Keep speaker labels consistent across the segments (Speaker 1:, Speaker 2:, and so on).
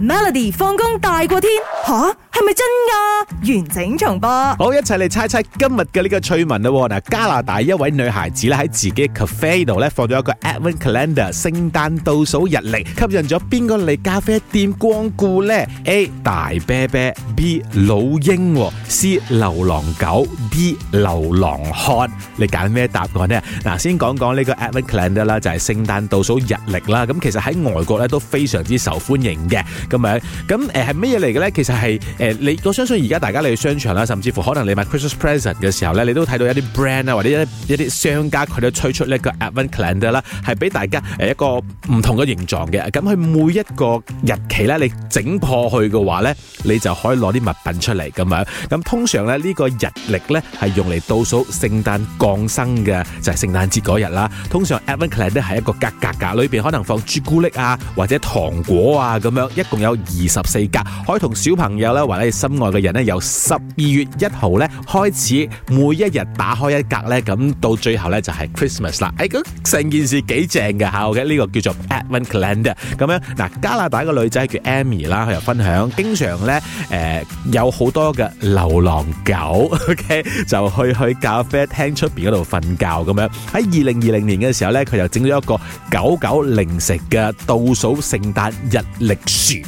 Speaker 1: Melody 放工大過天吓，係咪真噶？完整重播，好，一齊嚟猜猜今日嘅呢個趣聞啦。嗱，加拿大一位女孩子咧喺自己嘅咖啡度咧放咗一個 Advent Calendar 聖誕倒數日曆，吸引咗邊個嚟咖啡店光顧呢？A 大啤啤，B 老鷹，C 流浪狗，D 流浪漢。你揀咩答案呢？嗱，先講講呢個 Advent Calendar 啦，就係聖誕倒數日曆啦。咁其實喺外國咧都非常之受歡迎嘅。咁樣，咁誒係乜嘢嚟嘅咧？其實係誒，你我相信而家大家嚟商場啦，甚至乎可能你買 Christmas present 嘅時候咧，你都睇到一啲 brand 啊，或者一一啲商家佢都推出呢一個 Advent calendar 啦，係俾大家誒一個唔同嘅形狀嘅。咁佢每一個日期咧，你整破佢嘅話咧，你就可以攞啲物品出嚟咁樣。咁通常咧呢個日曆咧係用嚟倒數聖誕降生嘅，就係聖誕節嗰日啦。通常 Advent calendar 係一個格格格，裏邊可能放朱古力啊，或者糖果啊咁樣一個。有二十四格，可以同小朋友咧，或者你心愛嘅人咧，由十二月一號咧開始，每一日打開一格咧，咁到最後咧就係 Christmas 啦。誒，咁成件事幾正㗎吓，OK 呢個叫做 Advent Calendar 咁樣。嗱，加拿大個女仔叫 Amy 啦，佢又分享，經常咧誒有好多嘅流浪狗，OK 就去去咖啡廳出邊嗰度瞓覺咁樣。喺二零二零年嘅時候咧，佢又整咗一個狗狗零食嘅倒數聖誕日曆樹。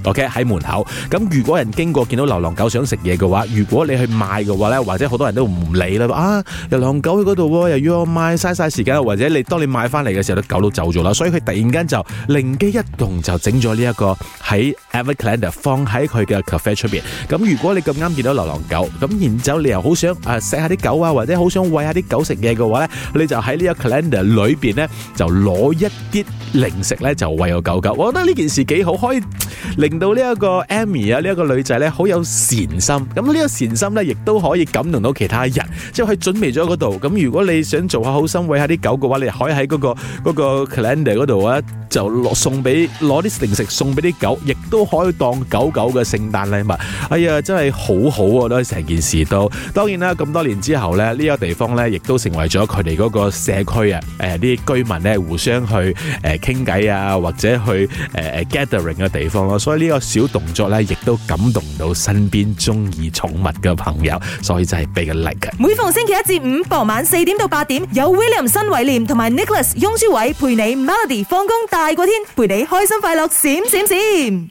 Speaker 1: OK 喺門口，咁如果人經過見到流浪狗想食嘢嘅話，如果你去賣嘅話咧，或者好多人都唔理啦，啊流浪狗喺嗰度，又要我賣，嘥嘥時間，或者你當你賣翻嚟嘅時候，啲狗都走咗啦，所以佢突然間就靈機一動，就整咗呢一個喺 Advent calendar 放喺佢嘅 cafe 出邊。咁如果你咁啱見到流浪狗，咁然之後你又好想誒食下啲狗啊，或者好想餵下啲狗食嘢嘅話咧，你就喺呢個 calendar 裏邊咧就攞一啲零食咧就餵個狗狗，我覺得呢件事幾好，可以令。令到呢一個 Amy 啊，呢一個女仔咧好有善心，咁呢個善心咧亦都可以感動到其他人，即係佢準備咗嗰度。咁如果你想做下好心餵下啲狗嘅話，你可以喺嗰個嗰個 Calendar 嗰度啊，就落送俾攞啲零食送俾啲狗，亦都可以當狗狗嘅聖誕禮物。哎呀，真係好好啊！都係成件事都當然啦，咁多年之後咧，呢個地方咧亦都成為咗佢哋嗰個社區啊。誒，啲居民咧互相去誒傾偈啊，或者去誒誒 Gathering 嘅地方咯。所以呢個小動作咧，亦都感動到身邊中意寵物嘅朋友，所以真係俾個 like。每逢星期一至五傍晚四點到八點，有 William 新偉廉同埋 Nicholas 雍舒偉陪你 Melody 放工大過天，陪你開心快樂閃閃閃。